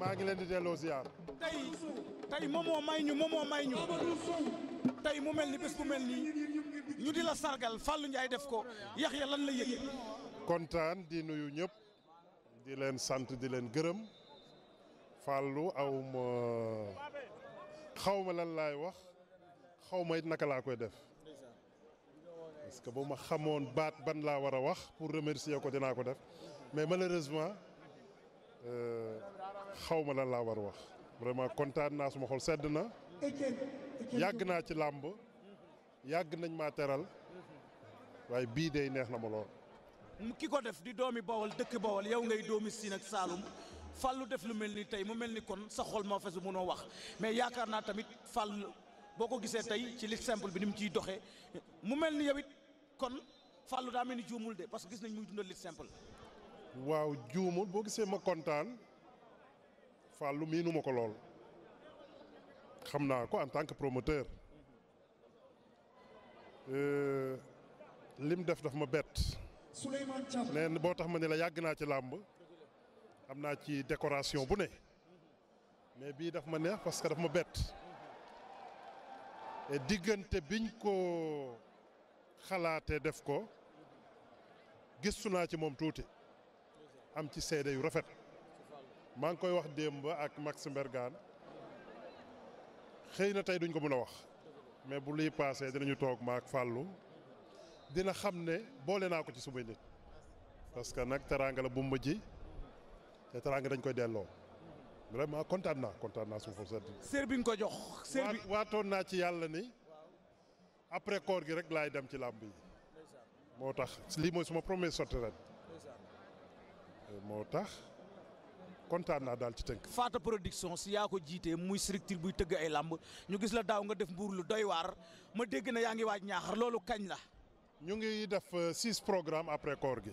maa ngi leen di delloo ziar. tey tey moomoo may ñu moomoo may ñu tey mu mel ni bés bu mel nii ñu di la sargal Fallou Ndiaye def ko Yaxya lan la yëg. kontaan di nuyu ñëpp di leen sant di leen gërëm Fallou aw ma lan laay wax xaw ma it naka laa koy def. parce que bu ma xamoon baat ban laa war a wax pour remercier ko dinaa ko def mais malheureusement. Euh, xaw ma laa war wax vraiment kontaan naa suma xol sedd na yàgg naa ci làmb yàgg nañ maa teral waaye bii day neex na ma lool. ki ko def di doomi Bawol dëkk Bawol yow ngay doomi Siin ak Saalum Fallou def lu mel ni tey mu mel ni kon sa xol moo fees mënoo wax mais yaakaar naa tamit Fallou boo ko gisee tey ci li simple bi ni mu ciy doxee mu mel ni yow it kon Fallou daa mel ni juumul de parce que gis nañ muy dundal li simple. waaw juumul boo gisee ma kontaan fàllu miinu ma ko lool xam naa ko en tant que promoteur euh, lim def daf ma bett. Souleymane boo tax ma ne la yàgg naa ci làmb am naa ci décoration bu ne mais bii daf ma neex parce que daf ma bett diggante biñ ko xalaatee def ko gistu naa ci moom tuuti. am ci seede yu rafet maa ngi koy wax démb ak Max Mbergane xëy na tey duñ ko mun a wax mais bu luy paasee dinañu toog ma ak Fallou dina xam ne boole naa ko ci sumay nit parce que nag teraanga la bu ma ji te teraanga dañ koy delloo vraiment kontaan naa kontaan naa suuf sedd. sër bi nga ko jox. sër bi waatoon naa ci yàlla ni après koor gi rek laay dem ci làmb yi. moo tax lii mooy suma premier sotti ren. Euh, moo tax kontaan naa daal ci tënk. Faata production si yaa ko jiitee muy structure buy tëgg ay làmb ñu gis la daaw nga def mbuur lu doy waar ma dégg na yaa ngi waaj ñaaxar loolu kañ la. ñu ngi def euh, six programmes après koor gi.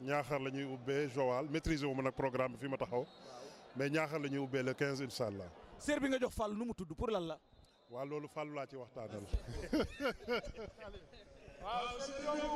ñaaxar la ñuy ubbee Joal maîtriser wu ma nag programme bi ma taxaw. mais ñaaxar la ñuy ubbee le quinze incha allah. seer bi nga jox Fall nu mu tudd pour lan la. waaw loolu Fall laa ci waxtaanal.